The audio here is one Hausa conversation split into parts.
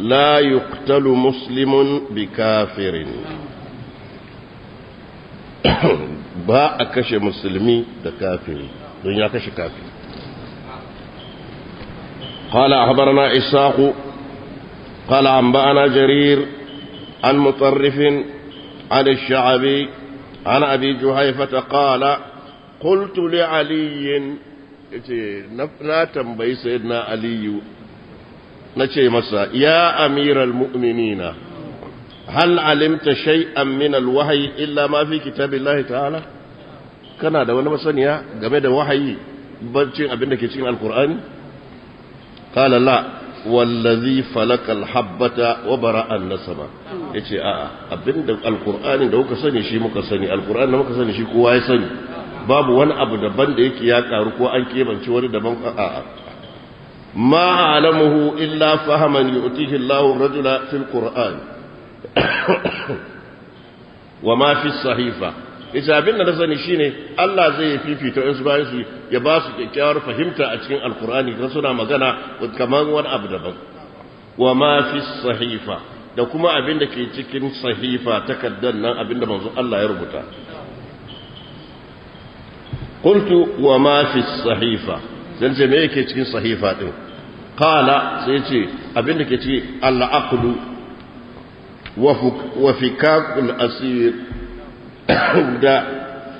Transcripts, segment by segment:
لا يقتل مسلم بكافر با أكش مسلمي بكافر دنيا kafiri كافر قال أخبرنا إساق قال أنبأنا جرير عن مطرف عن الشعبي عن أبي جهيفة قال قلت لعلي إيه، نفنا تنبي سيدنا علي nace masa ya amiral mu'minina hal alimta shay'an min alwahyi illa ma fi kitabillahi ta'ala kana da wani masaniya game da wahayi bancin abin da ke cikin alqur'ani qala la wallazi falakal habbata wa bara'an nasaba yace a'a abinda alqur'ani da kuka sani shi muka sani alqur'ani da muka sani shi kowa ya sani babu wani abu daban da yake ya karu ko an kebanci wani daban a'a ما علمه إلا فهما يؤتيه الله الرجل في القرآن وما في الصحيفة إذا بنا نزني شيني الله زي في في تؤس بايسي يباسك إكيار فهمت أتكين القرآن رسولا مغانا وكمان وان أبدبا وما في الصحيفة لو كما abin da ke cikin sahifa takaddan nan abin da manzo Allah ya rubuta zan ce me yake cikin sahifa ɗin. qala sai ce abinda ke ciki al-aqlu wa fikakul asir da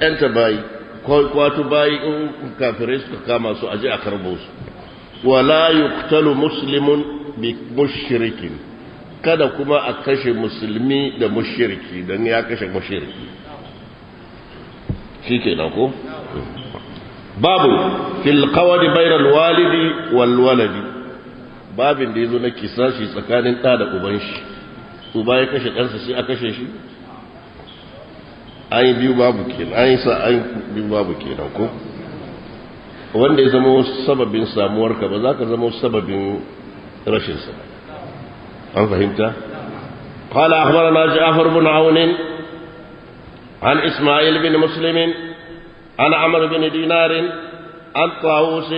yanta bayi kwatu bayi in kafirai suka kama su aji a karbo su wala yuktalu muslimun bi mushrikin kada kuma a kashe musulmi da mushriki don ya kashe mushriki ke ko babu fil qawadi bayna walidi wal waladi babin da yazo na kisashi tsakanin da da uban shi uba ya kashe ɗansa sai a kashe shi an yi biyu babu kenan an yi sa an biyu babu kenan ko wanda ya zama sababin ka ba za ka zama sababin rashinsa an fahimta قال أخبرنا جعفر بن عون an Isma'il bin مسلم عن عمرو بن دينار عن طاووس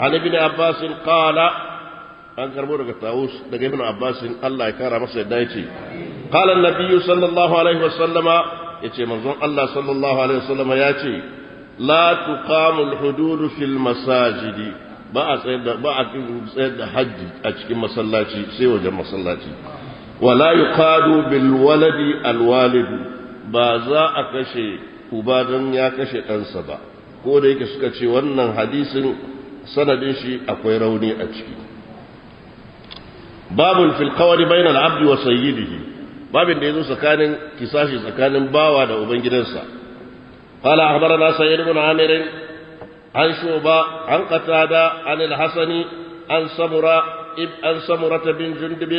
عن ابن عباس قال an karbo daga tawus daga ibn abbas Allah ya kara masa yadda yace qala an-nabiy sallallahu alaihi wasallama yace manzon Allah sallallahu alaihi wasallama yace la tuqamu al-hudud fil masajid ba a tsayar da ba a tsayar da haji a cikin masallaci sai wajen masallaci wala kadu bil waladi ba za a kashe uba don ya kashe ɗansa ba ko da yake suka ce wannan hadisin sanadin shi akwai rauni a ciki babun filkawari qawli bayna al-abd wa sayyidihi babin da ya zo tsakanin kisashi tsakanin bawa da ubangidansa qala na sayyid ibn amir an shuba an qatada an al-hasani an samura an samura bin jundub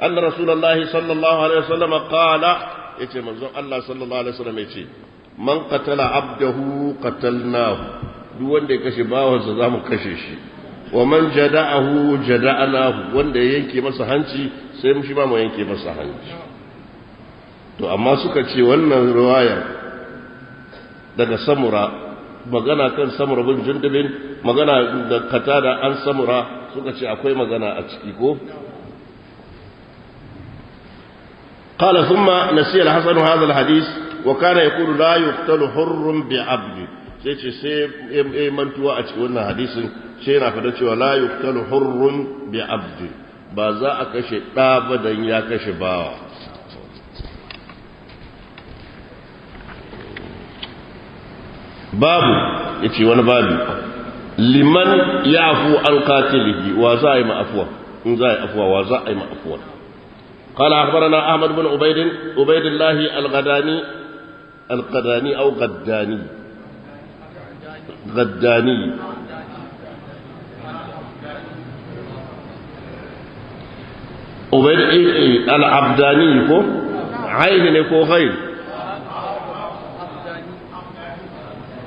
أن رسول sallallahu alaihi wasallam عليه وسلم قال Allah منزون alaihi صلى الله عليه وسلم man qatala abdahu qatalnahu duk wanda ya kashe bawansa zamu kashe shi wa man jada'ahu jada'nahu wanda ya yanke masa hanci sai shi ba mu yanke masa hanci to amma suka ce wannan riwaya daga samura magana kan samura bin jundubin magana da katada an samura suka ce akwai magana a ciki ko قال ثم نسي الحسن هذا الحديث wa kana kudu layu talu hurrun bi abdi sai ce sai ya mantuwa a cikin wannan hadisin sai yana fada cewa layu talu hurrun bi abdi ba za a kashe ɗa ba dan ya kashe bawa babu ya ce wani babu liman ya afu an katilihi wa za a yi ma'afuwa in za a yi afuwa wa za a yi ma'afuwa قال أخبرنا أحمد بن عبيد عبيد الله الغداني القراني أو غداني غداني إيه إيه؟ العبداني كو عين كو غير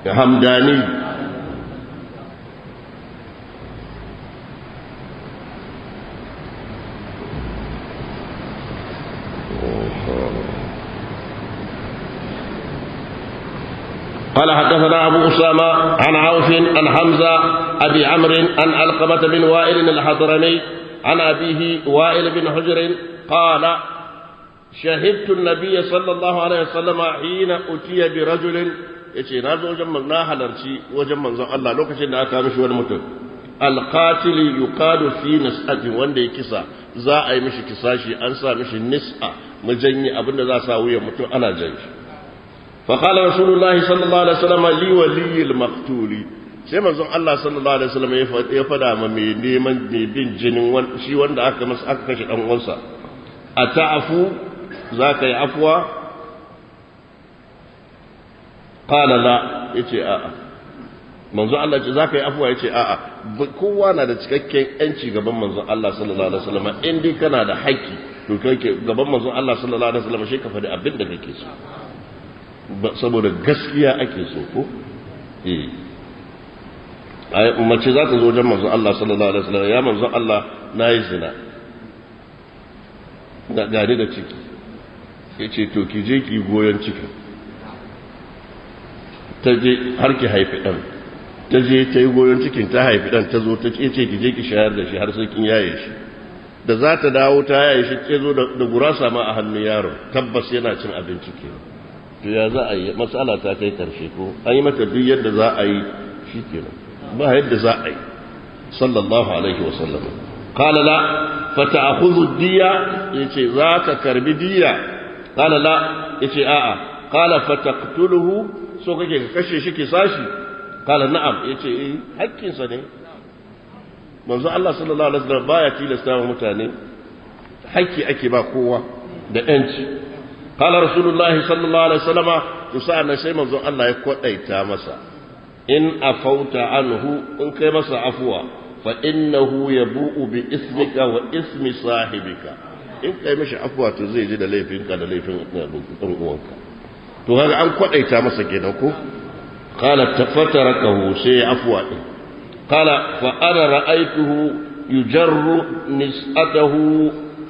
حمداني قال حدثنا أبو أسامة عن عوف عن حمزة أبي عمرو عن علقمة بن وائل الحضرمي عن أبيه وائل بن حجر قال شهدت النبي صلى الله عليه وسلم حين أتي برجل yace na zo na halarci wajen manzon Allah lokacin da aka mishi wani mutum alqatil yuqadu fi wanda ya kisa za a yi mishi kisashi an sa mishi nis'a mu janye abinda za sa wuyan mutum ana janyi. فقال رسول الله صلى الله عليه وسلم لي ولي المقتول sai manzon Allah sallallahu alaihi wasallam ya fada ma mai neman mai bin jinin shi wanda aka masa aka kashe dan uwansa a ta'afu zaka yi afwa qala la yace a'a manzon Allah ce zaka yi afwa yace a'a kowa na da cikakken yanci gaban manzon Allah sallallahu alaihi wasallam in dai kana da haƙƙi to kai gaban manzon Allah sallallahu alaihi wasallam shi ka faɗi abin da kake so saboda gaskiya ake so ko eh ai mace za ta zo wajen manzon Allah sallallahu alaihi wasallam ya manzon Allah nayi zina da gari da ciki sai ce to ki je ki goyon cikin ta je har ki haifi dan ta je ta yi goyon cikin ta haifi dan ta zo ta ce ki je ki shayar da shi har sai kin yaye shi da za ta dawo ta yaye shi ke zo da gurasa ma a hannun yaron tabbas yana cin abinci kenan to ya za a yi matsala ta kai karshe ko an yi mata duk yadda za a yi shi kenan ba yadda za a yi sallallahu alaihi wasallam qala la fata'khudhu diya yace za ka karbi diya qala la yace a'a qala fataqtuluhu so kake ka kashe shi ki sashi qala na'am yace eh hakkinsa ne manzo Allah sallallahu alaihi wasallam baya tilasta wa mutane hakki ake ba kowa da yanci qala rasulullahi sallallahu alaihi wasallama to sa'an nan sai manzon Allah ya kwadaita masa in afauta anhu in kai masa afuwa fa innahu yabu'u bi ismika wa ismi sahibika in kai mishi afuwa to zai ji da laifinka da laifin ɗan uwanka to kaga an kwadaita masa kenan ko qala tafatarakahu sai afuwa din qala fa ana ra'aytuhu yujarru nis'atahu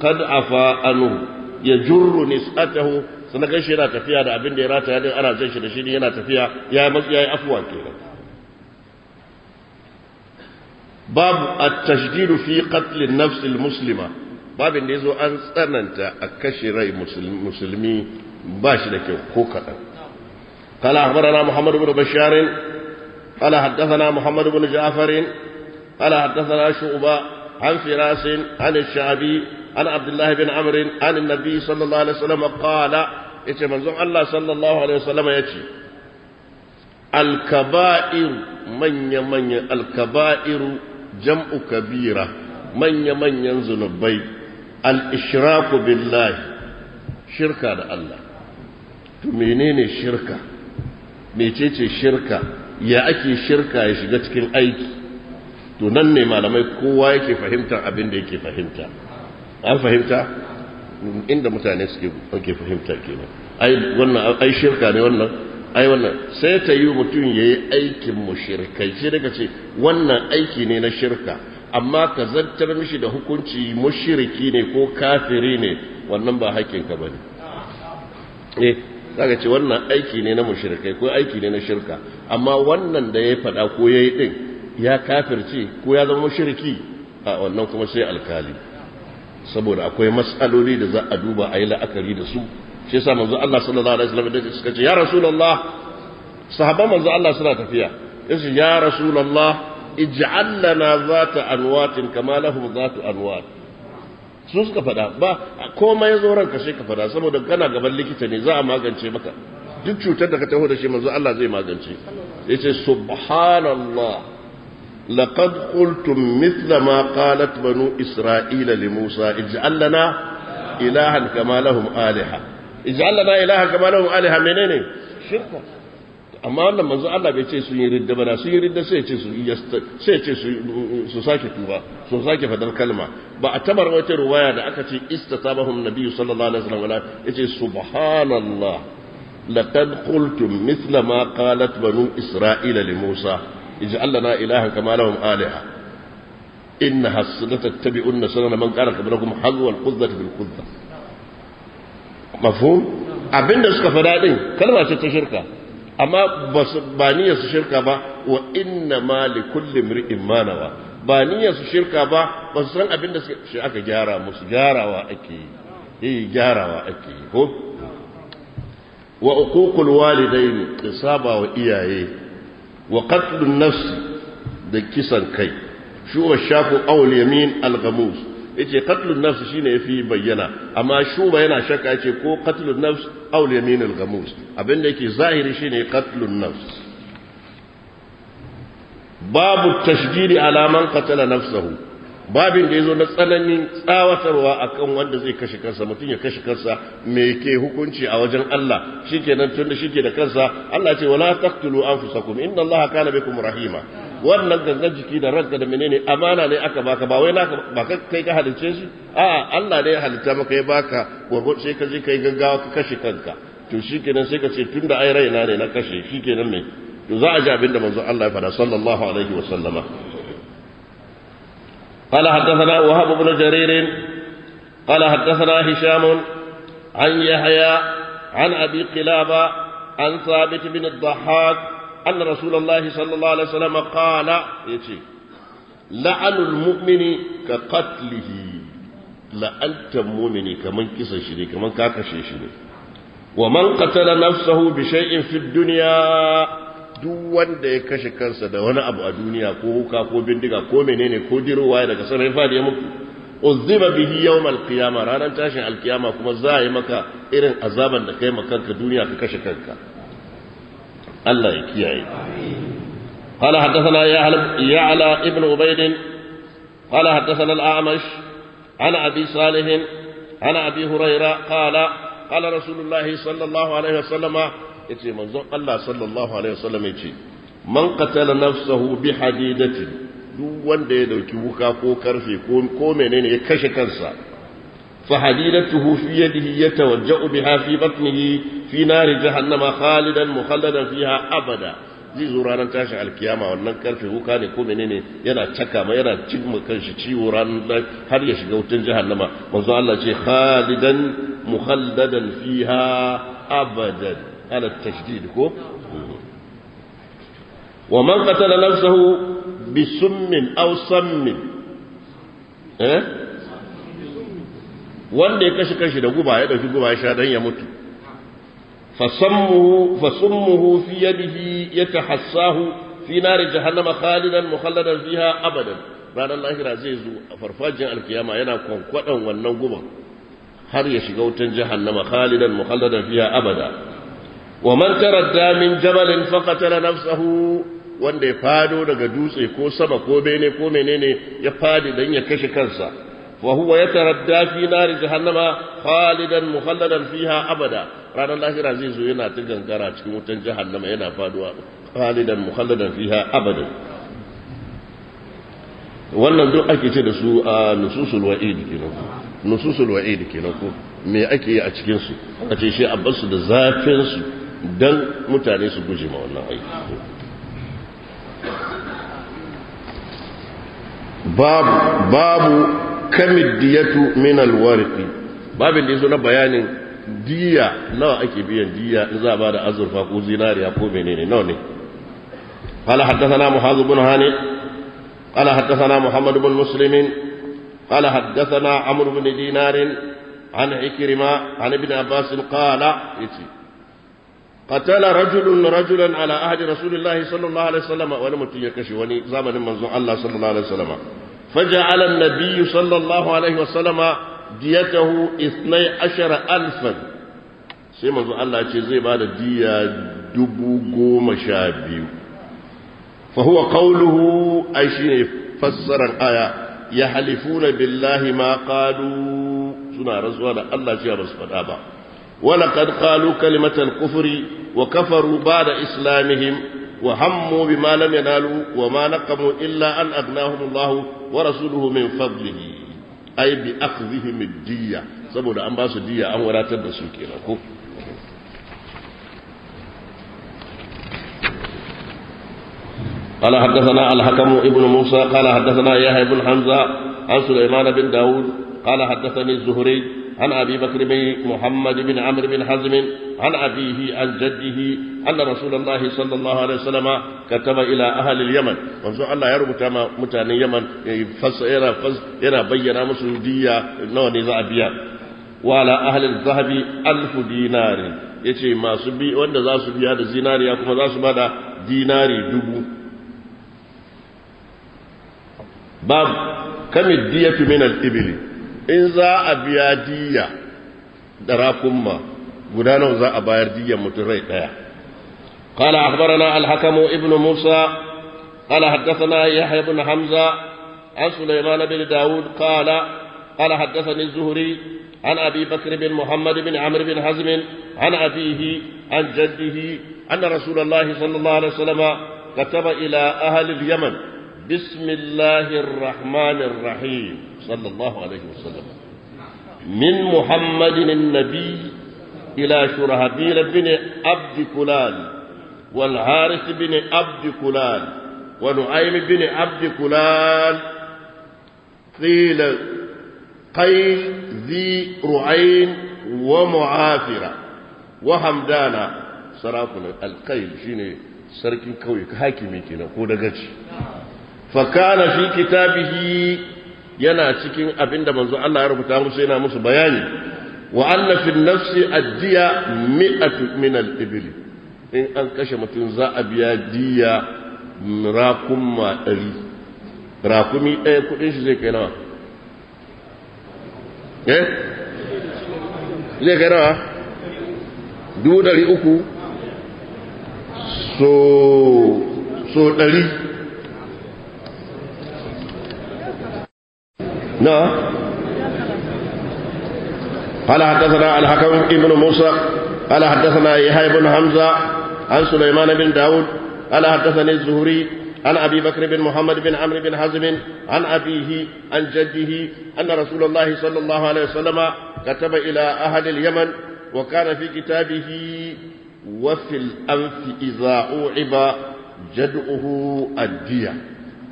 qad afa anhu ya jurru nis'atahu sannan kai shi yana tafiya da abin da ya rataya din ana jan shi da shi yana tafiya ya yi yayi afwa kenan babu at-tashdidu fi qatl an-nafs al-muslima babin da yazo an tsananta a kashe rai musulmi ba shi da kyau ko kadan قال أخبرنا محمد بن بشار قال حدثنا محمد بن جعفر قال حدثنا شعبة عن فراس عن الشعبي عن عبد الله بن عمرو عن النبي صلى الله عليه وسلم قال يتي منزون الله صلى الله عليه وسلم يتي الكبائر من من الكبائر جمع كبيرة من من ينزل البيت الإشراك بالله شركة الله تمينين شركة ميتيتي شركة يا أكي شركة يشجتك الأيكي to nan ne malamai kowa yake fahimtar abin da yake fahimta an fahimta inda mutane suke ake fahimta kenan ai wannan ai shirka ne wannan ai wannan sai ta yi mutum ya yi aikin mu mushirkai sai daga ce wannan aiki ne na shirka amma ka zartar mishi da hukunci shirki ne ko kafiri ne wannan ba haƙƙinka ba ne eh zaka ce wannan aiki ne na mushrikai ko aiki ne na shirka amma wannan da ya faɗa ko ya yi ɗin ya kafirce ko ya zama mushriki a wannan kuma sai alkali saboda akwai matsaloli da za a duba a yi la'akari da su shi yasa manzo Allah sallallahu alaihi wasallam da suka ce ya rasulullah sahaba manzo Allah suna tafiya yace ya rasulullah ij'al lana zata anwatin kama lahum zatu anwat su suka faɗa ba komai ya zo ranka sai ka faɗa saboda kana gaban likita ne za a magance maka duk cutar da ka taho da shi manzo Allah zai magance yace subhanallah لقد قلتم مثل ما قالت بنو إسرائيل لموسى اجعل لنا إلها كما لهم آلهة اجعل لنا إلها كما لهم آلهة منين شركة amma wannan manzo Allah bai ce sun yi ridda bana sun yi ridda sai ce su sai ce su sake tuba su sake fadar kalma ba a tabar wata ruwaya da aka ce istatabahum nabiyyu sallallahu alaihi wasallam wala yace subhanallah laqad qultum mithla ma qalat banu isra'ila li musa ij'al lana ilahan kama lahum alaha innaha satatabi'unna sunana man kana qablakum hazwa al-qudzah bil qudzah mafhum abinda suka fada din kalma ce ta shirka amma ba niyyar su shirka ba wa inna ma li kulli imri'in ma nawa ba niyyar su shirka ba ba su san abinda shi aka gyara musu gyarawa ake yi gyarawa ake yi ko wa uququl walidaini qisaba wa iyaye wa qatlun nafsi da kisan kai shi wa shafu awul yamin al-ghamus yace qatlun nafsi shine yafi bayyana amma shuba yana shakka yace ko qatlun nafs awul yamin al-ghamus abinda yake zahiri shine qatlun nafs babu tashjiri ala man qatala babin da ya zo na tsananin tsawatarwa a kan wanda zai kashe kansa mutum ya kashe kansa me ke hukunci a wajen Allah shi kenan tun da shi ke da kansa Allah ce wala taqtulu anfusakum inna Allah kana bikum rahima wannan gangan jiki da ranka da menene amana ne aka baka ba wai naka ba kai ka halicce shi a'a Allah ne ya halitta maka ya baka gurgur sai ka je kai gaggawa ka kashe kanka to shi kenan sai ka ce tun da ai raina ne na kashe shi nan me to za a ji abin da manzo Allah ya faɗa sallallahu alaihi wa sallama قال حدثنا وهب بن جرير قال حدثنا هشام عن يحيى عن أبي قلابة عن ثابت بن الضحاك أن رسول الله صلى الله عليه وسلم قال يتي لعن المؤمن كقتله لأنت مؤمن كمن كسى شري كمن كاكا ومن قتل نفسه بشيء في الدنيا duk wanda ya kashe kansa da wani abu a duniya ko huka ko bindiga ko menene ko dirowa daga sanar fadi ya mutu uzziba bihi yawm alqiyama ranar tashin alqiyama kuma za a yi maka irin azaban da kai kanka duniya ka kashe kanka Allah ya kiyaye قال حدثنا يعلى ابن ibn قال qala الأعمش عن أبي صالح عن أبي هريرة قال قال رسول الله صلى الله عليه وسلم yace manzon Allah sallallahu alaihi wasallam yace man qatala nafsahu bi hadidatin duk wanda ya dauki wuka ko karfe ko menene ya kashe kansa fa hadidatuhu fi yadihi yatawajja'u biha fi batnihi fi nar jahannama khalidan mukhalladan fiha abada zai zo ranar tashin alkiyama wannan karfe wuka ne ko menene yana caka ma yana cimma kanshi ciwo ranar har ya shiga wutan jahannama manzo Allah ce khalidan mukhalladan fiha abadan ala tashdid ko wa man qatala nafsahu bi summin aw wanda ya kashe kashi da guba ya dauki guba ya sha dan ya mutu fasammuhu fasummuhu fi yadihi yatahassahu fi nari jahannama khalidan mukhalladan fiha abadan ranar lahira zai zo a farfajin alkiyama yana kwankwadan wannan guban har ya shiga wutan jahannama khalidan mukhalladan fiha abada wa man taradda min jabalin qatala nafsahu wanda ya fado daga dutse ko sama ko bene ko menene ya fadi dan ya kashe kansa wa huwa yataradda fi nari jahannama khalidan mukhalladan fiha abada ranar lahira zai zo yana ta gangara cikin wutan jahannama yana faduwa khalidan mukhalladan fiha abada wannan duk ake ce da su a nususul wa'id kenan nususul wa'id kenan ko me ake yi a cikin su a ce shi abbasu da zafin su don mutane su guje ma wannan aiki babu babu kamidiyatu min alwarqi babin da yazo na bayanin diya nawa ake biyan diya in za ba da azurfa ko zinariya ko menene nawa ne قال حدثنا محاذ بن هاني قال حدثنا محمد بن مسلم قال حدثنا عمرو بن دينار عن عكرمة عن ابن عباس قال qatala rajulun rajulan ala ahdi rasulillahi sallallahu alaihi wasallam wani mutum ya kashe wani zamanin manzon Allah sallallahu alaihi wasallam faja'ala an-nabiy sallallahu alaihi wasallam diyatahu 12000 sai manzon Allah ya ce zai bada diya dubu goma sha biyu fa huwa qawluhu ai shine fassarar aya ya billahi ma qalu suna rantsuwa da Allah ce ba su faɗa ba ولقد قالوا كلمة الكفر وكفروا بعد إسلامهم وهموا بما لم ينالوا وما نقموا إلا أن أغناهم الله ورسوله من فضله أي بأخذهم الدية سبب أن ba su diya an wadatar قال حدثنا الحكم ابن موسى قال حدثنا يحيى بن حمزه عن سليمان بن داود قال حدثني الزهري عن أبي بكر بن محمد بن عمرو بن حزم عن أبيه عن جده أن رسول الله صلى الله عليه وسلم كتب إلى أهل اليمن منزو الله يربط متان اليمن فس إرى فس إرى بينا مسلودية نوني زعبيا وعلى أهل الذهب ألف دينار يتي ما سبي وأن ذا سبي هذا الزينار يقوم ذا سبي ديناري دبو باب كم الدية من الإبل in za a biya diya da rakunma guda za a bayar diyan mutum rai daya قال أخبرنا الحكم ابن موسى قال حدثنا يحيى بن حمزة عن سليمان بن داود قال قال حدثني الزهري عن أبي بكر بن محمد بن عمرو بن حزم عن أبيه عن جده أن رسول الله صلى الله عليه وسلم كتب إلى أهل اليمن بسم الله الرحمن الرحيم صلى الله عليه وسلم من محمد النبي إلى شرهبيل بن عبد كلال والحارث بن عبد كلال ونعيم بن عبد كلال قيل قيل ذي رعين ومعافرة وحمدانا سراقنا القيل شيني sarkin كوي hakimi kenan ko fakana fi kitabihi yana cikin abinda manzo Allah ya rubuta musu yana musu bayani wa anna fi nafsi addiya mi'atu min al-ibli in an kashe mutum za a biya diya rakumma dari rakumi ɗaya kuɗin shi zai kai nawa eh zai kai nawa dubu uku so so dari نعم قال حدثنا الحكم ابن موسى قال حدثنا يحيى بن حمزة عن سليمان بن داود قال حدثني الزهري عن أبي بكر بن محمد بن عمرو بن حزم عن أبيه عن جده أن رسول الله صلى الله عليه وسلم كتب إلى أهل اليمن وكان في كتابه وفي الأنف إذا أوعب جدؤه الدية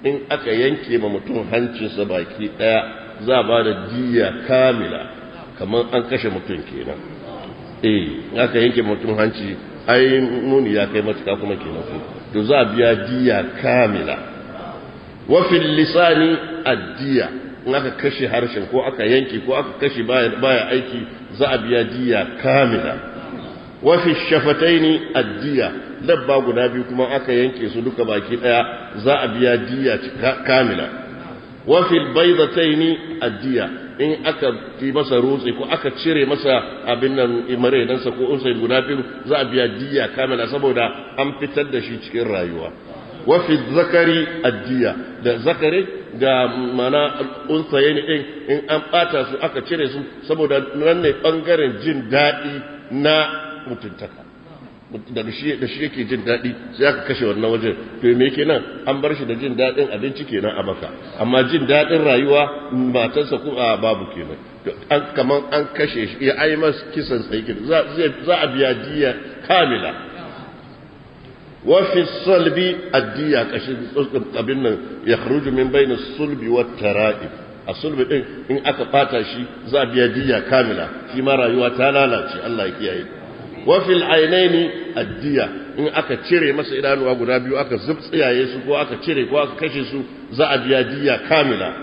إن أكا ينكي ممتون هنشي سبايكي آه. za a ba da diya kamila kamar an kashe mutum kenan eh aka yanke mutum hanci ai nuni ya kai matuka kuma kenan ku to za biya diya kamila wa fil lisani addiya in aka kashe harshen ko aka yanke ko aka kashe baya aiki za a biya diya kamila wa fi shafataini addiya dabba guda biyu kuma aka yanke su duka baki daya za a biya diya kamila wa fil a addiya in aka yi masa rutsi ko aka cire masa abin nan imare dan sa ko unsa guda biyu za a biya diya kamala saboda an fitar da shi cikin rayuwa wa fi zakari addiya da zakari ga mana unsaye ne din in an bata su aka cire su saboda nan ne bangaren jin daɗi na mutuntaka daga da shi yake jin daɗi sai aka kashe wannan wajen to me kenan an bar shi da jin daɗin abinci kenan a baka amma jin daɗin rayuwa matarsa ko a babu kenan an kaman an kashe shi ya ai mas kisan tsaiki za za a biya diya kamila wa fi salbi addiya kashin abin nan ya khruju min bayna sulbi wat tara'i a sulbi din in aka fata shi za a biya diya kamila shi ma rayuwa ta lalace Allah ya kiyaye wafil ainaini addiya in aka cire masa idanuwa guda biyu aka zubtsiyaye su ko aka cire ko aka kashe su za a biya diya kamila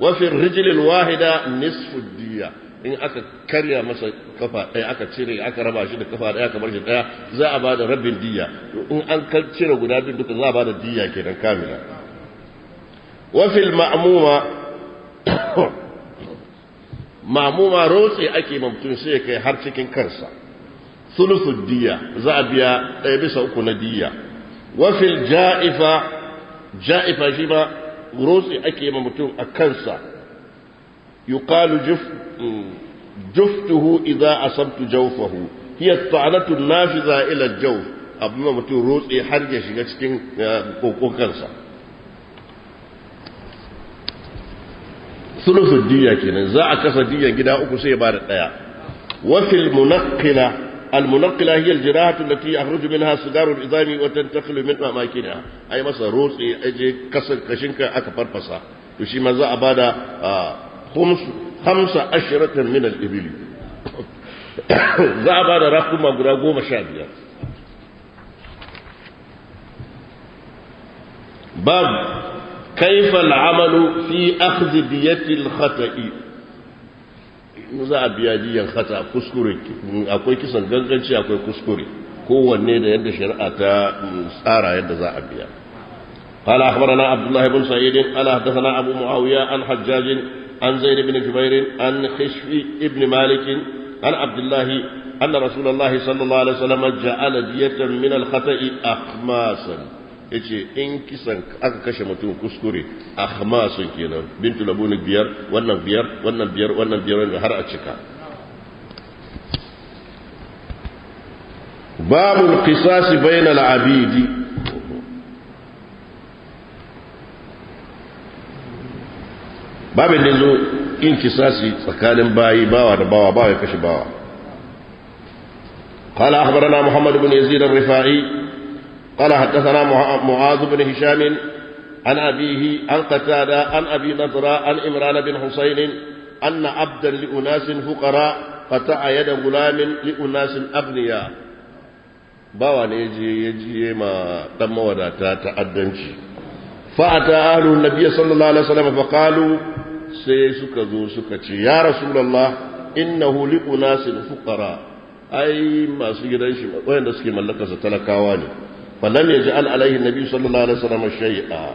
wafin rijilin wahida nisfu diya in aka karya masa kafa ɗaya aka cire aka raba shi da kafa ɗaya kamar shi ɗaya za a bada rabin diya in an cire guda biyu duka za a bada diya kenan kamila Wafin ma'amuma ma'amuma rotse ake mamtun sai kai har cikin kansa thuluthud diyya za biya ɗaya bisa uku na diyya. wa fil ja'ifa ja'ifa shi ma rotsi ake ma mutum a kansa yuqalu juf mm, juftuhu idza asabtu jawfahu hiya ta'anatu nafiza ila jawf abin mutum rotsi har ya shiga cikin kokokansa sulusun diyya kenan za a kasa diyya gida uku sai ba da ɗaya wafil munakkila المنقلة هي الجراحة التي يخرج منها صغار العظام وتنتقل من أماكنها أي مثلا روسي أجي كسر كشنكا أكبر فسا يشي مزا أبادا آه، خمس خمسة أشرة من الإبل za a ba da باب كيف العمل في أخذ بيت الخطئ za a biya jiyan hata kuskure akwai kisan ganganci akwai kuskure kowanne da yadda shari'a ta tsara yadda za a biya قال أخبرنا عبد الله بن سعيد قال حدثنا أبو معاوية عن حجاج عن زيد بن جبير عن خشف بن مالك عن عبد الله أن رسول الله صلى الله عليه وسلم جعل دية من الخطأ أخماسا ya ce in kisan aka kashe mutum kuskure a hamasun kenan bintu labuni biyar wannan biyar wannan biyar wannan biyar wannan har a cika Babu kisasi bayna al-abidi babin da zo in kisasi tsakanin bayi bawa da bawa bawa ya kashe bawa قال أخبرنا محمد بن يزيد الرفاعي قال حدثنا معاذ بن هشام عن أبيه عن قتادة عن أبي نضرة عن إمران بن حسين أن عبدا لأناس فقراء قطع يد غلام لأناس أغنياء bawa ne ya je ya je ma dan mawadata ta'addanci fa ata ahlu nabiy sallallahu alaihi wasallam fa qalu sai suka zo suka ce ya rasulullah innahu liqunasin fuqara ai masu gidan shi wayanda suke mallakarsa talakawa ne فلم يجعل عليه النبي صلى الله عليه وسلم شيئا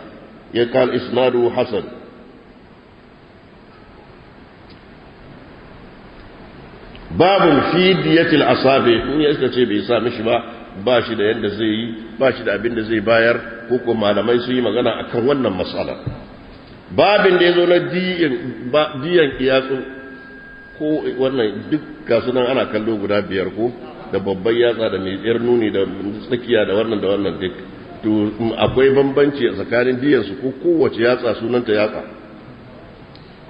يقال إسناده حسن babin fidiyatil asabe in ya iska ce bai sa mishi ba ba shi da yadda zai yi ba shi da abin da zai bayar ko malamai su yi magana akan wannan matsalar. babin da ya zo na diyan iyatsu ko wannan duk gasu nan ana kallo guda biyar ko da babban yatsa da mai tsir nuni da tsakiya da wannan da wannan duk to mm, akwai bambanci a tsakanin diyan su ko kowace yatsa sunanta yatsa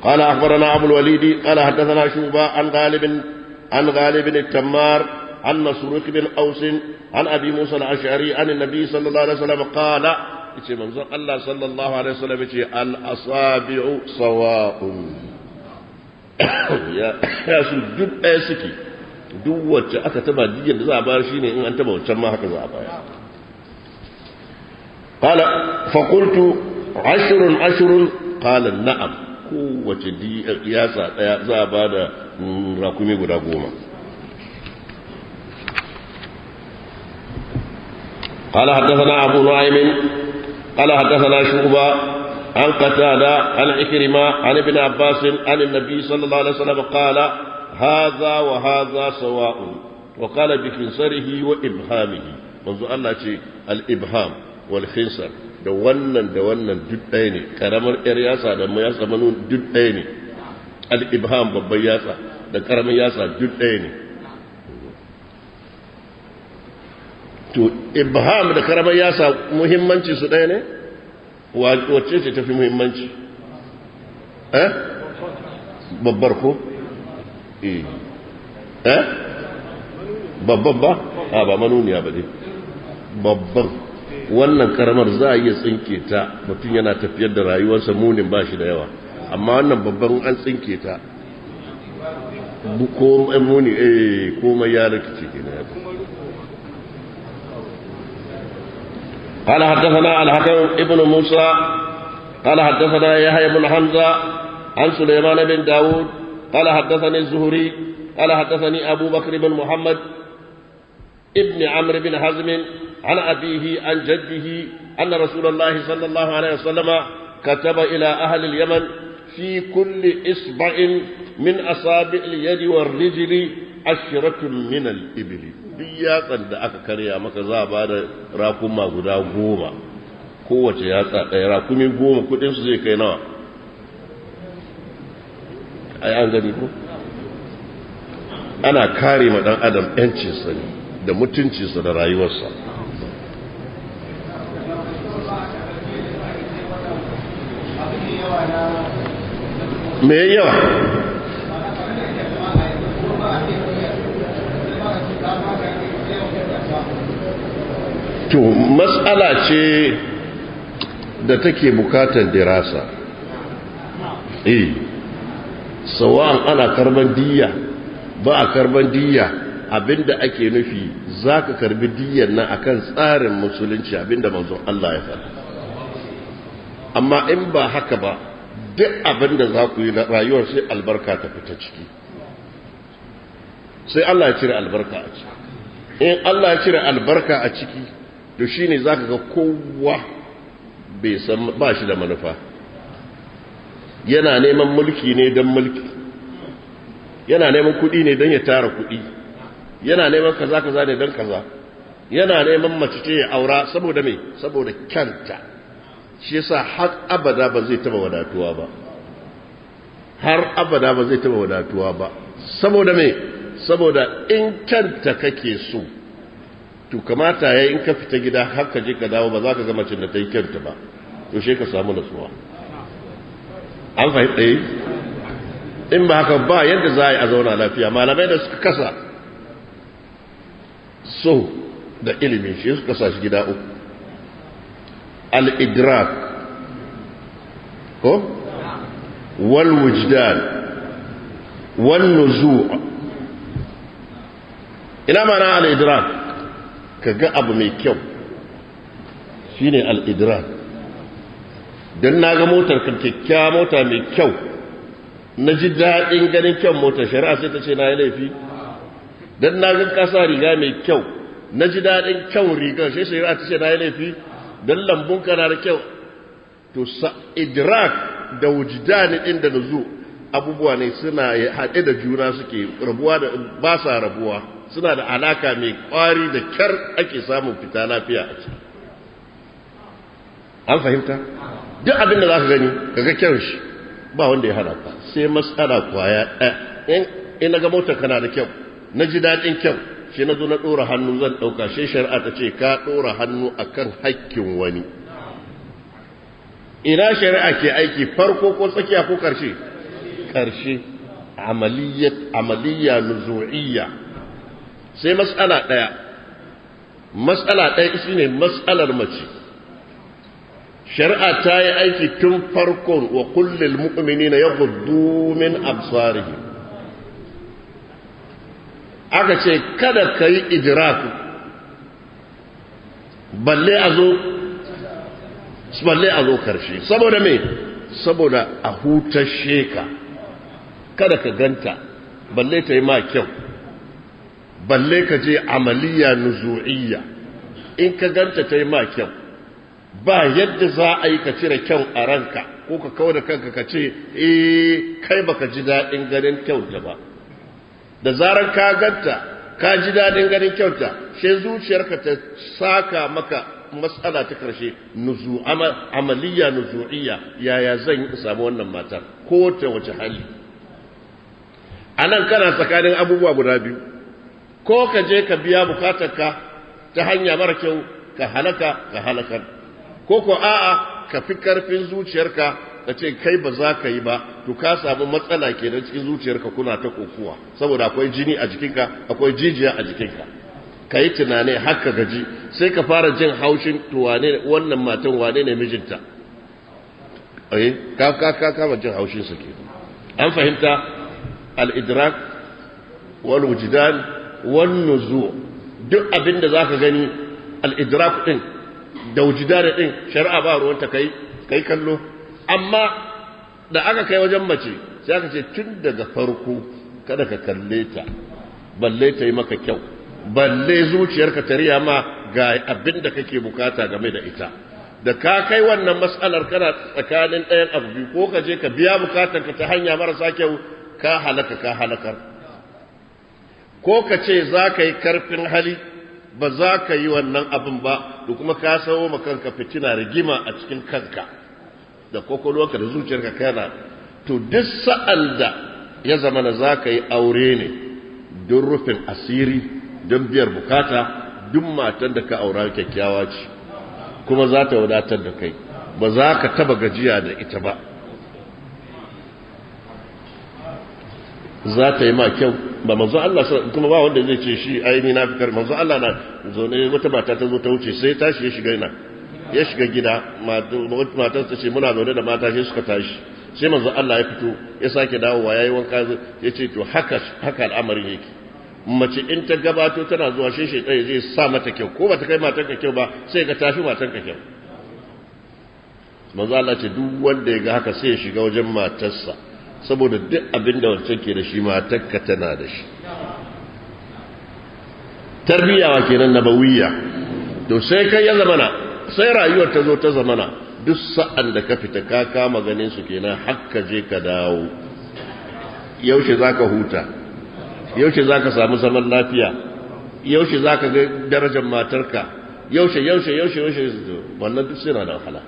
قال أخبرنا أبو الوليد قال حدثنا شوبة عن غالب عن غالب التمار عن مسروق بن أوس عن أبي موسى الأشعري عن النبي صلى الله عليه وسلم قال ce manzon Allah sallallahu alaihi wasallam ce al asabi'u sawa'un ya su duk ɗaya suke duk wacce aka taba diyar da za a bayar shine in an taba wancan ma haka za a bayar Kala fakultu ashirin ashirin kala na'am kowace diya daya za a da rakumi guda goma قال حدثنا أبو نعيم قال حدثنا شعبة عن قتادة عن عكرمة عن ابن عباس عن النبي صلى الله عليه وسلم قال haza wa haza sawa'un wa qala bi khinsarihi wa ibhamihi manzo Allah ce al ibham wal khinsar da wannan da wannan duk ɗaya ne karamar yar da manu duk al ibham babban da karamar yasa duk da muhimmanci su ɗaya ne wacce ce tafi muhimmanci eh babbar ko eh babban ba a ah, ba manuniya ba ne babban wannan karamar za a iya tsinke ta mutum yana tafiyar da rayuwarsa munin ba shi da yawa amma wannan babban an tsinke ta muni eh komai ya rikici kenan ya قال حدثنا الحكم ابن موسى قال حدثنا يحيى بن حمزه عن سليمان بن داود قال حدثني الزهري قال حدثني أبو بكر بن محمد ابن عمرو بن حزم عن أبيه عن جده أن رسول الله صلى الله عليه وسلم كتب إلى أهل اليمن في كل إصبع من أصابع اليد والرجل عشرة من الإبل yatsan قد أكر يا مكزا بعد a ba da rakuma guda goma kowace yatsa ɗaya rakumi ai an gani ko ana kare ma dan adam yancinsa ne da mutuncinsa da rayuwarsa me yawa to matsala ce da take bukatar dirasa eh sawa'an ana karban diya ba a karban diya abinda ake nufi za ka karbi diyan nan akan tsarin musulunci abinda manzon Allah ya faɗa amma in ba haka ba duk abinda za ku yi na rayuwar sai albarka ta fita ciki sai Allah ya cire albarka a ciki in Allah ya cire albarka a ciki to shine ka ga kowa bai san ba shi da manufa yana neman mulki ne don mulki yana neman kuɗi ne don ya tara kuɗi yana neman kaza kaza ne don kaza yana neman mace ce ya aura saboda me saboda kyanta shi yasa har abada ba zai taba wadatuwa ba har abada ba zai taba wadatuwa ba saboda me saboda in kyanta kake so to kamata yayi in ka fita gida har ka je ka dawo ba za ka ga mace da ta yi kyanta ba to she ka samu nasuwa an fahimta yi eh? in ba haka ba yadda za a yi a zauna lafiya malamai da suka kasa so da ilimin shi suka sa shi gida uku al al'idrak ko? walwujdan wannuzu ina mana al al'idrak ka ga abu mai kyau shi ne al al'idrak don na ga motar kyakkyawa mota mai kyau na ji daɗin ganin kyan motar shari'a sai ta ce na yi laifi don na ga ƙasa riga mai kyau na ji daɗin kyau rigar sai shari'a ta ce na yi laifi don lambun kana da kyau to idrak da wujidani ɗin da nazo abubuwa ne suna haɗe da juna suke rabuwa da ba sa rabuwa suna da alaka mai ƙwari da kyar ake samun fita lafiya a ciki an fahimta duk abin da za ka gani ka ga kyau shi ba wanda ya hana ka sai matsala kwaya ɗaya in ga motar kana da kyau na ji daɗin kyau shi na zo na ɗora hannu zan ɗauka shi shari'a ta ce ka ɗora hannu a kan haƙƙin wani ina shari'a ke aiki farko ko tsakiya ko ƙarshe ƙarshe amaliyya nuzu'iyya sai matsala ɗaya matsala ɗaya shi ne matsalar mace shari'a ta yi aiki tun farkon wa kullil mu'minina yaghuddu min absarihi aka ce kada ka yi idraku balle a zo balle a zo karshe saboda me saboda a hutar sheka kada ka ganta balle ta yi ma kyau balle ka je amaliya nuzu'iyya in ka ganta ta yi ma kyau ba yadda za a yi ka cire kyau a ranka ko ka kawo da kanka ka ce eh kai baka ji daɗin ganin kyauta ba da zarar ka ganta ka ji daɗin ganin kyauta sai zuciyarka ta saka maka matsala ta karshe nuzu amaliya nuzu'iyya yaya zan yi samu wannan matar ko ta wace hali a nan kana tsakanin abubuwa guda biyu ko ka je ka biya bukatarka ta hanya mara kyau ka halaka ka halakar Koko, ko a'a ka fi karfin zuciyarka ka ce kai ba za ka yi ba to ka sami matsala kenan cikin zuciyarka kuna ta kokuwa saboda akwai jini a jikinka akwai jijiya a jikinka ka yi tunanai haka gaji sai ka fara jin haushin to wannan matan wane ne mijinta eh, ka ka ka kama jin haushin su ke an fahimta al-idrak wal wujdan wan nuzur duk abinda zaka gani al-idrak din da ɗin din shari'a ba ruwanta kai kai kallo amma da aka kai wajen mace sai aka ce tun daga farko kada ka kalle ta balle ta yi maka kyau balle zuciyarka ta riya ma ga abin da kake bukata game da ita da ka kai wannan matsalar kana tsakanin ɗayan abu biyu ko ka je ka biya bukatar ka ta hanya marasa kyau ka halaka ka halakar ko ka ce za ka yi karfin hali ba za ka yi wannan abin ba da kuma ka sawo ma kanka fitina rigima a cikin kanka da kokolwarka da zuciyarka kana to duk sa'al da ya zama na za ka yi aure ne don rufin asiri don biyar bukata duk matan da ka aura kyakkyawa ce kuma za ta wadatar da kai ba za ka taba gajiya da ita ba za ta yi ma kyau ba manzo Allah kuma ba wanda zai ce shi aini na fikar manzo Allah na zo ne wata mata ta zo ta wuce sai tashi ya shiga ina ya shiga gida matarsa ta ce muna zaune da mata shi suka tashi sai manzo Allah ya fito ya sake dawowa yayi wanka ya ce to haka haka al'amarin yake mace in ta gabato tana zuwa shi shi zai sa mata kyau ko ba ta kai matanka kyau ba sai ka tafi matanka kyau manzo Allah ce duk wanda ya ga haka sai ya shiga wajen matarsa saboda duk abin da wancan ke da shi matakka tana da shi tarbiyya wa kenan nabawiyya to sai kai ya zamana sai rayuwar ta zo ta zamana duk sa'an da ka fita ka kama ganin su kenan hakka je ka dawo yaushe zaka huta yaushe zaka samu zaman lafiya yaushe zaka ga darajar matarka yaushe yaushe yaushe yaushe wannan duk suna da wahala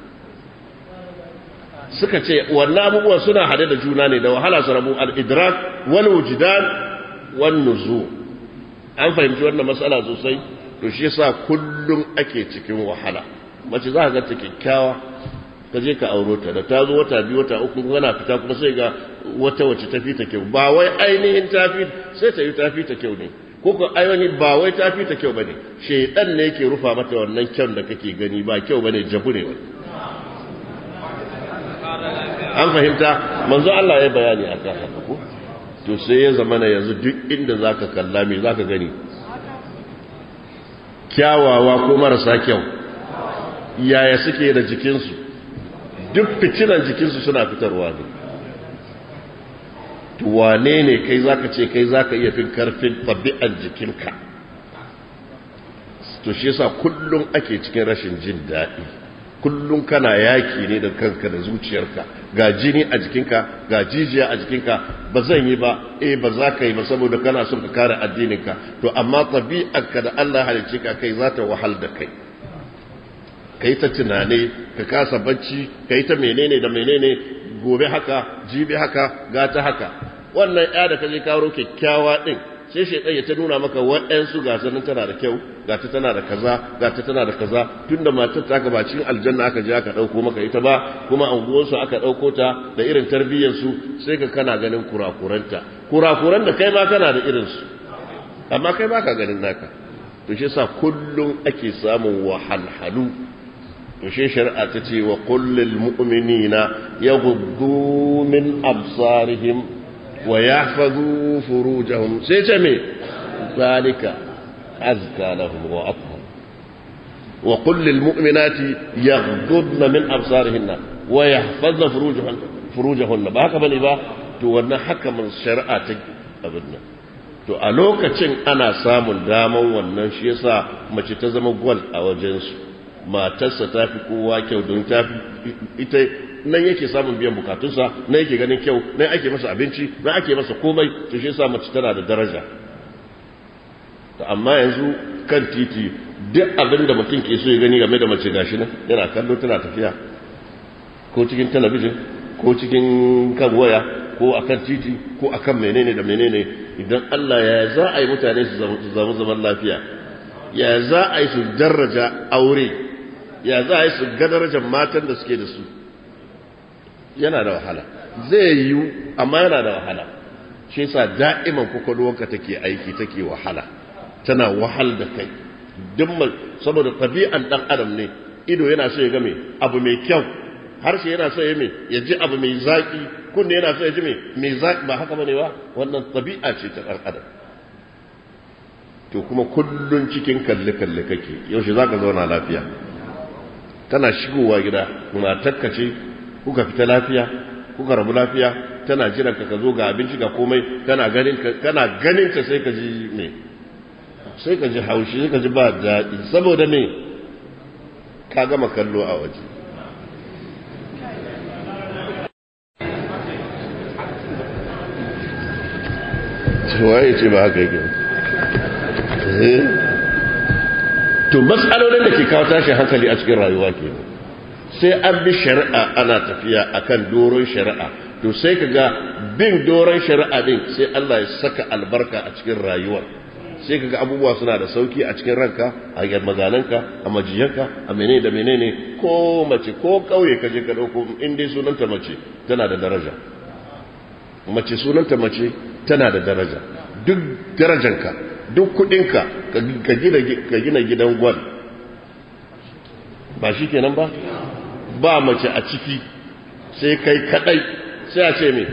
suka ce wannan abubuwan suna hade da juna ne da wahala su rabu al wani wal wujdan wan an fahimci wannan matsala sosai to shi yasa kullum ake cikin wahala mace za ka ga ta kyakkyawa ka je ka auro ta da ta zo wata biyu wata uku kana fita kuma sai ga wata wacce ta fita kyau ba wai ainihin ta fi sai ta yi ta fita kyau ne ko ko ainihin ba wai ta fita kyau bane shedan ne yake rufa mata wannan kyau da kake gani ba kyau bane jabu ne wani an fahimta manzo Allah ya bayani a kan haka ko to sai ya zamana yanzu duk inda zaka kalla me zaka gani kyawawa ko marasa kyau yaya suke da jikinsu duk fitinan jikinsu suna fitarwa ne To wane ne kai zaka ce kai zaka iya fin karfin tabi'ar jikinka to shi yasa kullum ake cikin rashin jin daɗi kullum kana yaki ne da kanka da zuciyarka ga jini a jikinka ga jijiya a jikinka ba zan yi ba eh ba za ka yi ba saboda kana son ka kare addininka to amma tabi'arka da Allah halicce ka kai za ta wahal da kai kai ta tunane ka kasa bacci kai ta menene da menene gobe haka jibi haka gata haka wannan ya da ka je kawo kyakkyawa din sai shedan ya ta nuna maka waɗansu ga sanin tana da kyau ga ta tana da kaza ga ta tana da kaza tunda matar ta ba cikin aljanna aka je aka ɗauko maka ita ba kuma anguwansu aka ɗauko ta da irin tarbiyyarsu. sai ka kana ganin kurakuranta kurakuran da kai ma kana da irinsu. amma kai ba ka ganin naka to shi yasa kullum ake samun wahalhalu to shi shari'a ta ce wa kullil mu'minina yaghuddu min absarihim ويحفظوا فروجهم سيسمي ذلك أزكى لهم وأطهر وقل للمؤمنات يغضضن من أبصارهن ويحفظن فروجهن فروجهن باقى بل إباه تورنا حكم الشرعة أبدنا تو ألوك تشن أنا سام داما والنشيسا ما تتزم قول أو جنس ما تستافق واكي ودون تافق nan yake samun biyan bukatunsa nan yake ganin kyau nan ake masa abinci nan ake masa komai to shi yasa mace tana da daraja to amma yanzu kan titi duk abin da mutum ke so ya gani game da mace gashi nan yana kallo tana tafiya ko cikin talabijin ko cikin kan waya ko akan titi ko akan menene da menene idan Allah ya za a yi mutane su zama zaman lafiya ya za a yi su daraja aure ya za a yi su ga darajar matan da suke da su yana da wahala zai yi amma yana da wahala shi sa da'iman kwakwalwarka take aiki take wahala tana wahal da kai dimmal saboda tabi'an dan adam ne ido yana so ya ga abu mai kyau harshe yana so ya me ya ji abu mai zaki kunne yana so ya ji mai zaki ba haka bane ba wannan tabi'a ce ta dan adam to kuma kullun cikin kalle kalle kake yaushe zaka zauna lafiya tana shigowa gida matarka ce kuka fita lafiya kuka rabu lafiya tana jiran ka zo ga abinci ga komai kana ganin kana ganin ta sai ka ji me sai ka ji haushi sai ka ji ba daɗi saboda me ka gama kallo a waje waye ce ba haka yake eh? to matsalolin da ke kawo tashin hankali a cikin rayuwa kenan sai an bi shari'a ana tafiya akan doron shari'a to sai ka ga bin doron shari'a din sai Allah ya saka albarka a cikin rayuwa sai ka ga abubuwa suna da sauki a cikin ranka a magananka a majiyanka a menene da menene ko mace ko kauye ka je ka dauko in dai sunanta mace tana da daraja mace sunanta mace tana da daraja duk darajanka duk kudinka ka gina gidan gwal ba shi kenan ba ba mace a ciki sai kai kadai sai a ce me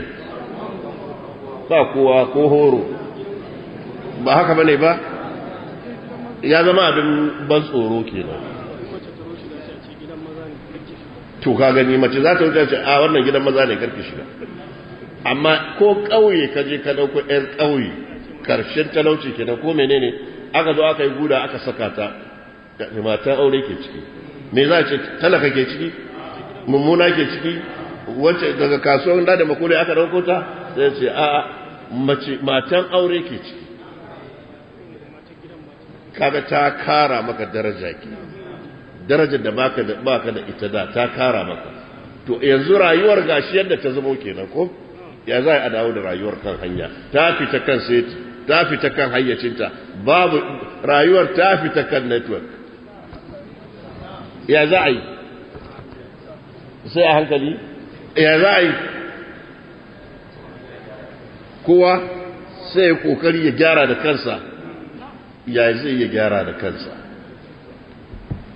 ba kowa ko horo ba haka bane ba ya zama abin ban tsoro kenan to ka gani mace za ta wuce ce a wannan gidan maza ne karki shiga amma ko ƙauye ka je ka dauko 'yan ƙauye karshen talauci kenan ko menene aka zo aka yi guda aka saka ta mata aure ke ciki me za a ce talaka ke ciki mummuna ke ciki wacce daga kasuwar da da makure aka dauko ta sai ce a mace matan aure ke ciki kaga ta kara maka daraja ke darajar da baka da baka da ita da ta kara maka to yanzu rayuwar gashi yadda ta zama kenan ko ya za a dawo da rayuwar kan hanya ta fita kan set ta fita kan hayyacinta babu rayuwar ta fita kan network ya za a yi sai a hankali ya za a yi kowa sai ya kokari ya gyara da kansa ya zai ya gyara da kansa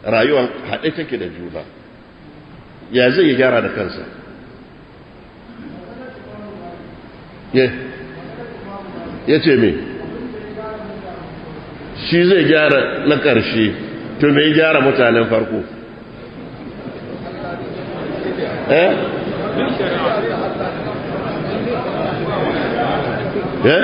rayuwa haɗe take da juna ya zai ya gyara da kansa ya ce me shi zai gyara na ƙarshe to mai gyara mutanen farko eh, eh? da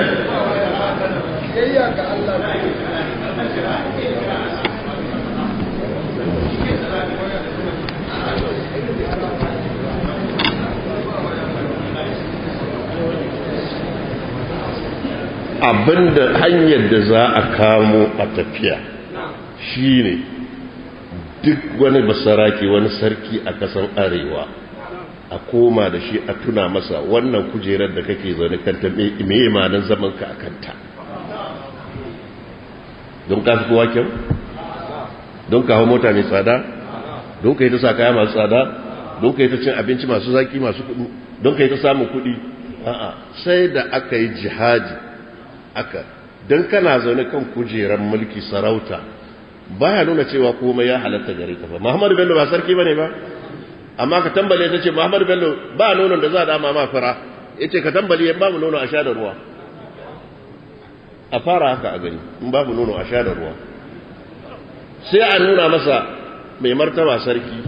abinda hanyar da za a kamo a tafiya shi ne duk wani basaraki wani sarki a kasan arewa a koma da shi a tuna masa wannan kujerar da kake zaune kanta mai imanin zamanka a kanta don ka fi wakil kyau don ka hau mota mai tsada don ka yi ta sa kaya masu tsada don ka yi ta cin abinci masu zaki masu kudu don ka yi ta samun kudi a'a sai da aka yi jihadi aka don kana zaune kan kujerar mulki sarauta ba ya nuna cewa komai ya halatta gare ka ba muhammadu bello ba sarki ba ne ba amma ka tambale ta ce Muhammadu Bello ba nonon da za a dama ma fara ce ka tambale ya babu nono a sha da ruwa a fara haka a gani in babu nono a sha da ruwa sai a nuna masa mai martaba sarki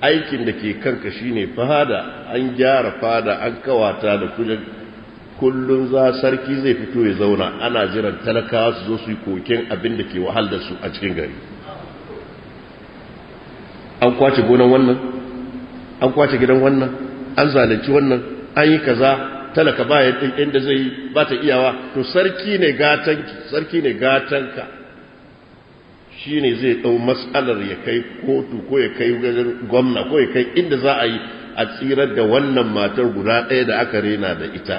aikin da ke kanka shi ne fahada an gyara fada an kawata da kujen kullum za sarki zai fito ya zauna ana jiran talakawa su zo su yi koken abin da ke wahal da su a cikin gari an kwace gonan wannan an kwace gidan wannan an zalunci wannan an yi kaza talaka ba ɗin, inda zai yi ba ta iyawa to sarki ne gatanki sarki ne gatanka shi ne zai ɗau matsalar ya kai kotu ko ya kai gwamna ko ya kai inda za a yi a tsirar da wannan matar guda ɗaya da aka rena da ita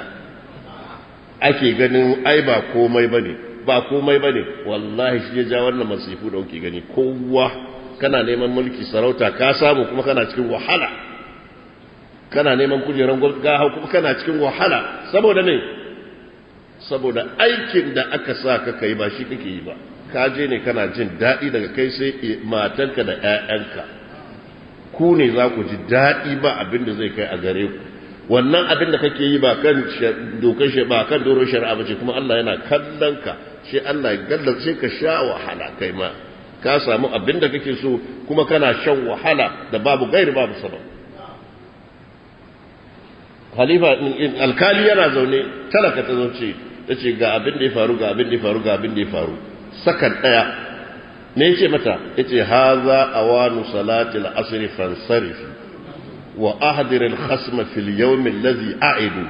ake ganin ai ba komai ba ne ba komai ba ne wallahi shi ya ja wannan masifu da kuke gani kowa kana neman mulki sarauta ka samu kuma kana cikin wahala kana neman kujeran gwamnati ga hau kuma kana cikin wahala saboda ne saboda aikin da aka sa ka kai ba shi kake yi ba ka je ne kana jin daɗi daga kai sai matanka da ƴaƴanka ku ne za ku ji daɗi ba abin da zai kai a gare ku wannan abin da kake yi ba kan dokar shi ba kan doron shari'a ba ce kuma Allah yana kallon ka shi Allah ya gallace ka sha wahala kai ma ka samu abin da kake so kuma kana shan wahala da babu gairi babu sababu halifa alkali yana zaune talaka ta zaune ta ce ga abin da ya faru ga abin da ya faru ga abin da ya faru sakan ɗaya me yace mata yace haza awanu salatil asr fansarif wa ahdir al khasm fi al yawm alladhi a'idu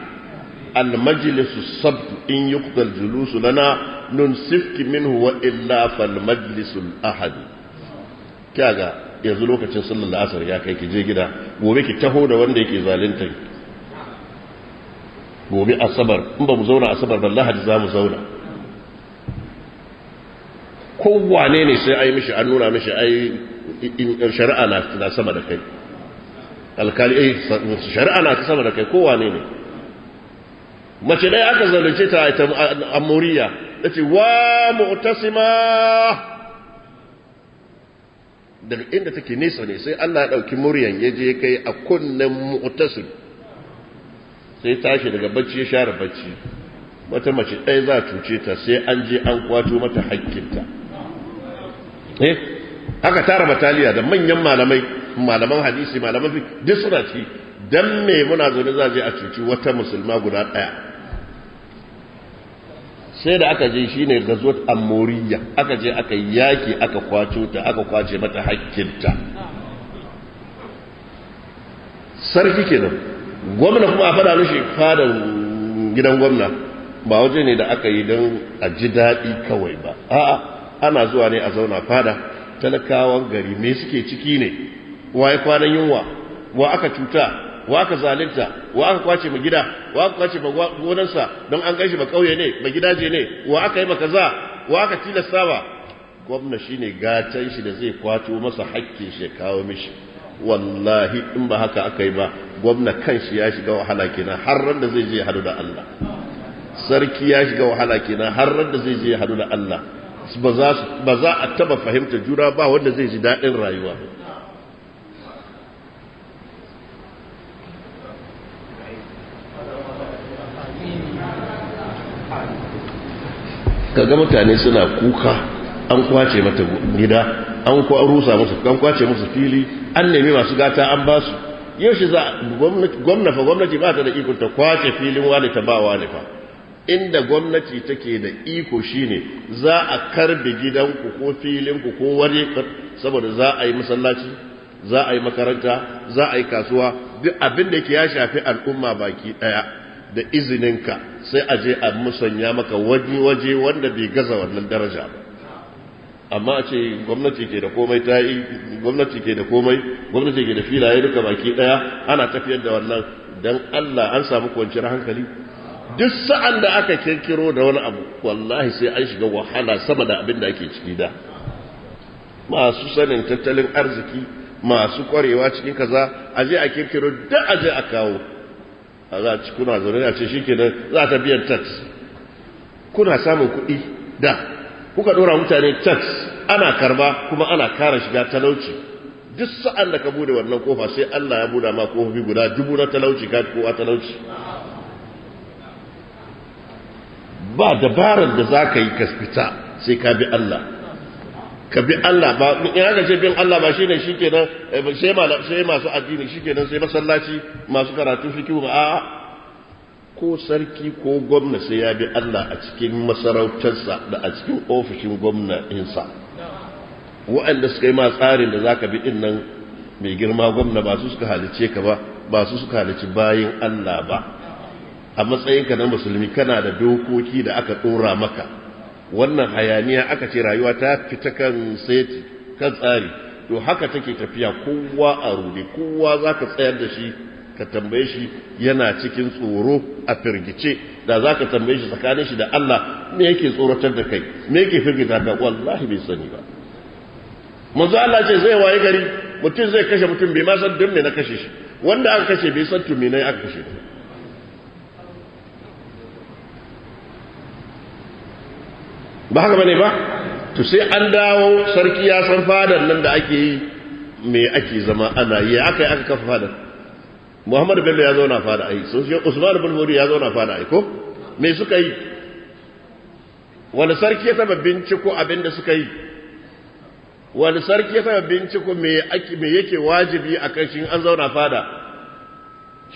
al majlis as-sabt in yuqda julus lana nunsifki minhu wa illa fal majlis al ahad kaga yanzu lokacin sallar la'asar ya kai ki je gida gobe ki taho da wanda yake zalunta gobe asabar in ba mu zauna asabar ba lahadi za mu zauna kowane ne sai ai mishi an nuna mishi ai shari'a na sama da kai alkali ai eh, shari'a na sama da kai kowane ne mace ɗaya aka zalunce ta a moriya ta ce wa mu'tasima daga inda take nesa ne sai Allah ya ɗauki muryan ya je kai a kunnen mu'tasim sai tashi daga bacci ya share bacci wata mace ɗaya za a cuce ta sai an je an kwato mata hakkinta eh aka tara bataliya da manyan malamai malaman hadisi malaman fi duk suna ci don me muna zaune za je a cuci wata musulma guda ɗaya sai da aka je shi ne gazwat amoriya aka je aka yaki aka kwato ta aka kwace mata hakkinta sarki kenan gwamna kuma a faɗa mishi fadan gidan gwamna ba waje ne da aka yi don a ji daɗi kawai ba a'a ana zuwa ne a zauna fada talakawan gari me suke ciki ne waye kwanan yunwa wa aka cuta wa aka zalunta wa aka kwace ma gida wa aka kwace ma gonarsa don an kai shi ba kauye ne ba gidaje ne wa aka yi kaza wa aka tilasta ba gwamna shine gatan shi da zai kwato masa hakkin shi kawo mishi wallahi in ba haka aka yi ba gwamna kan shi ya shiga wahala kenan har ran da zai je hadu da Allah sarki ya shiga wahala kenan har ran da zai je hadu da Allah ba za a taba fahimta juna ba wanda zai ji daɗin rayuwa kaga mutane suna kuka an kwace mata gida an ko rusa musu an kwace musu fili an nemi masu gata an ba su yaushe za gwamna gwamnati ba ta da iko ta kwace filin wani ta ba wani fa inda gwamnati take da iko shine za a karbe gidanku ko filinku ko wani saboda za a yi masallaci za a yi makaranta za a yi kasuwa duk abin da ke ya shafi al'umma baki daya da izininka sai a je a musanya maka waje-waje wanda bai gaza wannan daraja ba amma a ce gwamnati ke da komai ta yi gwamnati ke da komai gwamnati ke da filaye duka baki daya ana tafiyar da wannan dan Allah an samu kwanciyar hankali duk sa'an da aka kirkiro da wani abu wallahi sai an shiga wahala sama da abin da ake ciki da masu sanin tattalin arziki masu kwarewa cikin kaza a je a kirkiro da a je a kawo a za ci kuna zaune a ce shi za ta biyan tax kuna samun kuɗi da kuka dora mutane tax ana karba kuma ana kara shiga talauci duk sa'an da ka bude wannan kofa sai Allah ya buda ma kofofi guda dubu na talauci ka kowa talauci ba dabarar da za ka yi ka fita sai ka bi Allah ka bi Allah ba in aka ce bin Allah ba shine shikenan eh, sai masu addini shikenan sai masallaci masu karatu fikihu ba a'a ko sarki ko gwamna sai ya bi Allah a cikin masarautarsa da a cikin ofishin gwamna insa waɗanda suka yi ma tsarin da zaka bi din nan mai girma gwamna ba su suka halice ka ba ba su suka halici bayin Allah ba a matsayinka na musulmi kana da dokoki da aka ɗora maka wannan hayaniya aka ce rayuwa ta fita kan seti kan tsari to haka take tafiya kowa a rude kowa za ka tsayar da shi ka tambaye shi yana cikin tsoro a firgice da za ka tambaye shi tsakanin shi da Allah me yake tsoratar da kai me yake firgita ka wallahi bai sani ba manzo Allah ce zai waye gari mutum zai kashe mutum bai ma san don me na kashe shi wanda aka kashe bai san tumi na aka kashe shi ba haka bane ba to sai an dawo sarki ya san fadar nan da ake yi me ake zama ana yi aka yi aka kafa fadar muhammadu bello ya zauna fada ai sun shi usman bin mudi ya zauna fada ai ko me suka yi wani sarki ya taba binciko abin da suka yi wani sarki ya taba binciko me yake wajibi a shi an zauna fada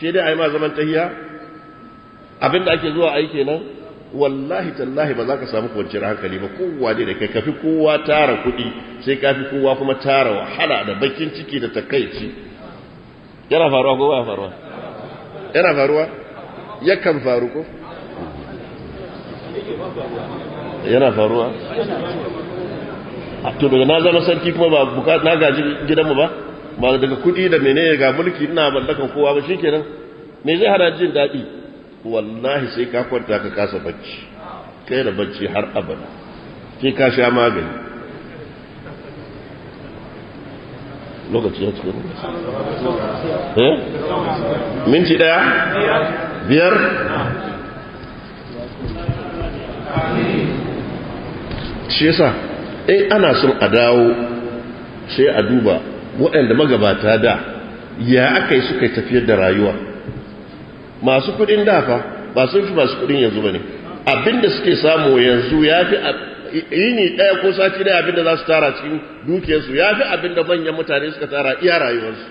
shi dai a yi ma zaman tahiya abin da ake zuwa aiki nan wallahi tallahi ba za ka samu kwanciyar hankali ba kowa ne da kai kafi kowa tara kuɗi sai kafi kowa kuma tara wahala da bakin ciki da takaici yana faruwa ko ba faruwa yana faruwa yakan faru ko yana faruwa to daga na zama sarki kuma ba bukatu na gaji gidanmu ba ba daga kudi da mene ga mulki ina mallakan kowa ba shikenan me zai hana jin daɗi wallahi sai ka kwanta ka kasa bacci kai da bacci har abada sai ka sha magani lokaci ya cikin eh minti daya biyar shi yasa in ana son a dawo sai a duba waɗanda magabata da ya aka yi suka tafiyar da rayuwa masu kudin dafa ba sun fi masu kudin yanzu ba ne abinda suke samu yanzu ya fi Yi ne ɗaya ko sati ɗaya abinda za su tara cikin dukiyarsu ya fi abinda manyan mutane suka tara iya rayuwarsu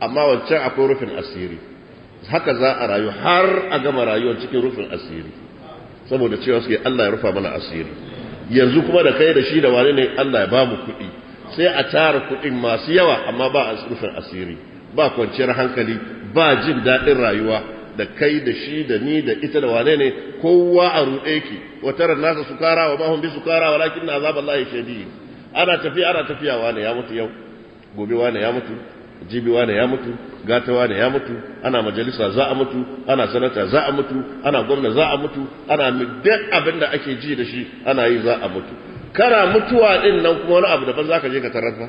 amma wancan akwai rufin asiri haka za a rayu har a gama rayuwar cikin rufin asiri saboda cewa suke Allah ya rufa mana asiri yanzu kuma da kai da shi da wani ne Allah ya ba mu kuɗi sai a tara kuɗin masu yawa amma ba a rufin asiri ba kwanciyar hankali ba jin daɗin rayuwa da kai da shi da ni da ita da wane ne kowa a ruɗe ki wa ran nasa su kara wa mahum bi wa lakin na azaballahi shadid ana tafiya ana tafiya wane ya mutu yau gobe wane ya mutu jibi wane ya mutu gata wane ya mutu ana majalisa za a mutu ana sanata za a mutu ana gwamna za a mutu ana duk abin da ake ji da shi ana yi za a mutu kana mutuwa din nan kuma wani abu daban zaka je ka tarar ba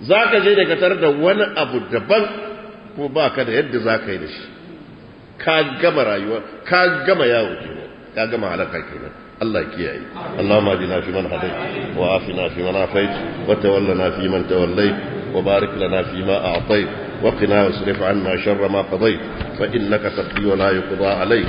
zaka je da ka tarar da wani abu daban ko ba ka da yadda za ka yi da shi ka gama rayuwa ka gama yawo kenan ka gama halaka kenan Allah kiyaye Allahu ma bina fi man hadai wa afina fi man afait wa tawallana fi man tawallait wa barik lana fi ma a'tait وقنا واصرف عنا شر ما قضيت فإنك تقضي ولا يقضى عليك